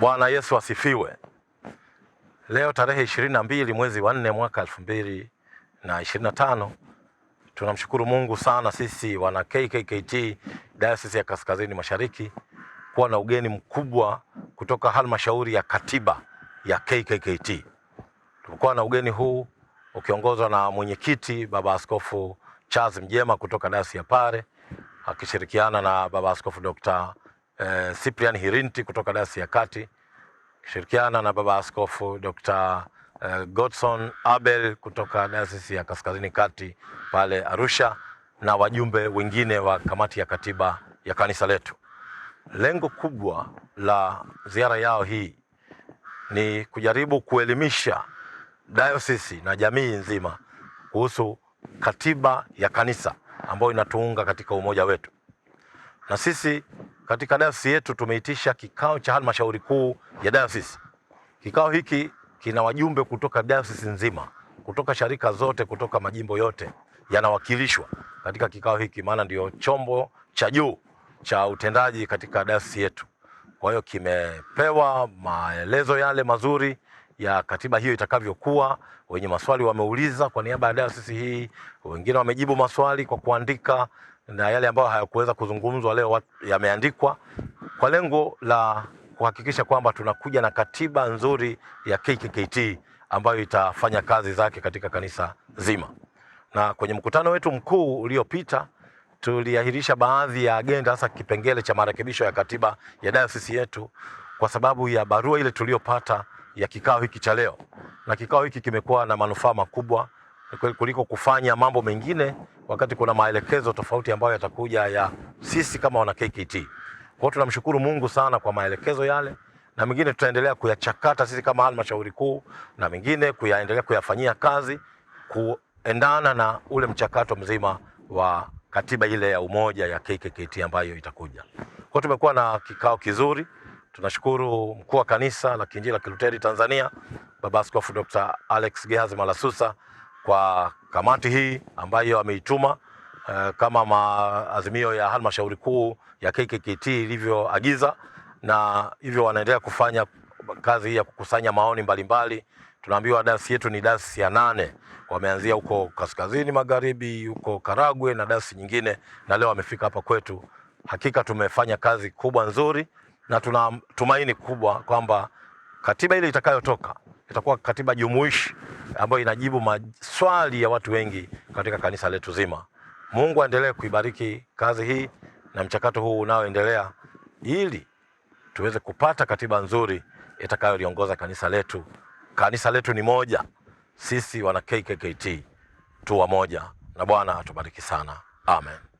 Bwana Yesu asifiwe. Leo tarehe 22 na mwezi wa 4 mwaka 2025. tunamshukuru Mungu sana sisi wana KKKT Dayosisi ya Kaskazini Mashariki kuwa na ugeni mkubwa kutoka halmashauri ya katiba ya KKKT. Tumekuwa na ugeni huu ukiongozwa na mwenyekiti Baba Askofu Charles Mjema kutoka Dayosisi ya Pare akishirikiana na Baba Askofu Dr eh, Cyprian Hirinti kutoka Dayosisi ya Kati kishirikiana na baba askofu Dr. Eh, Godson Abel kutoka Dayosisi ya Kaskazini Kati pale Arusha na wajumbe wengine wa kamati ya katiba ya kanisa letu. Lengo kubwa la ziara yao hii ni kujaribu kuelimisha dayosisi na jamii nzima kuhusu katiba ya kanisa ambayo inatuunga katika umoja wetu. Na sisi katika dayosisi yetu tumeitisha kikao cha halmashauri kuu ya dayosisi. Kikao hiki kina wajumbe kutoka dayosisi nzima, kutoka sharika zote, kutoka majimbo yote yanawakilishwa katika kikao hiki, maana ndio chombo cha juu cha utendaji katika dayosisi yetu. Kwa hiyo kimepewa maelezo yale mazuri ya katiba hiyo itakavyokuwa. Wenye maswali wameuliza kwa niaba ya dayosisi hii, wengine wamejibu maswali kwa kuandika, na yale ambayo hayakuweza kuzungumzwa leo yameandikwa kwa lengo la kuhakikisha kwamba tunakuja na katiba nzuri ya KKKT ambayo itafanya kazi zake katika kanisa zima. Na kwenye mkutano wetu mkuu uliopita tuliahirisha baadhi ya agenda, hasa kipengele cha marekebisho ya katiba ya dayosisi yetu kwa sababu ya barua ile tuliyopata ya kikao hiki cha leo, na kikao hiki kimekuwa na manufaa makubwa kuliko kufanya mambo mengine wakati kuna maelekezo tofauti ambayo yatakuja ya sisi kama wana KKT. Kwa tunamshukuru Mungu sana kwa maelekezo yale na mengine tutaendelea kuyachakata sisi kama halmashauri kuu na mengine kuyaendelea kuyafanyia kazi kuendana na ule mchakato mzima wa katiba ile ya umoja ya KKKT ambayo itakuja. Kwa tumekuwa na kikao kizuri. Tunashukuru mkuu wa kanisa la Kiinjili la Kiluteri Tanzania Baba Askofu Dr. Alex Gehazi Malasusa kwa kamati hii ambayo ameituma uh, kama maazimio ya halmashauri kuu ya KKKT ilivyoagiza, na hivyo wanaendelea kufanya kazi ya kukusanya maoni mbalimbali. Tunaambiwa dasi yetu ni dasi ya nane, wameanzia huko kaskazini magharibi, huko Karagwe na dasi nyingine, na leo wamefika hapa kwetu. Hakika tumefanya kazi kubwa nzuri na tuna tumaini kubwa kwamba katiba ile itakayotoka itakuwa katiba jumuishi ambayo inajibu maswali ya watu wengi katika kanisa letu zima. Mungu aendelee kuibariki kazi hii na mchakato huu unaoendelea ili tuweze kupata katiba nzuri itakayoliongoza kanisa letu. Kanisa letu ni moja, sisi wana KKKT tu wamoja, na Bwana atubariki sana. Amen.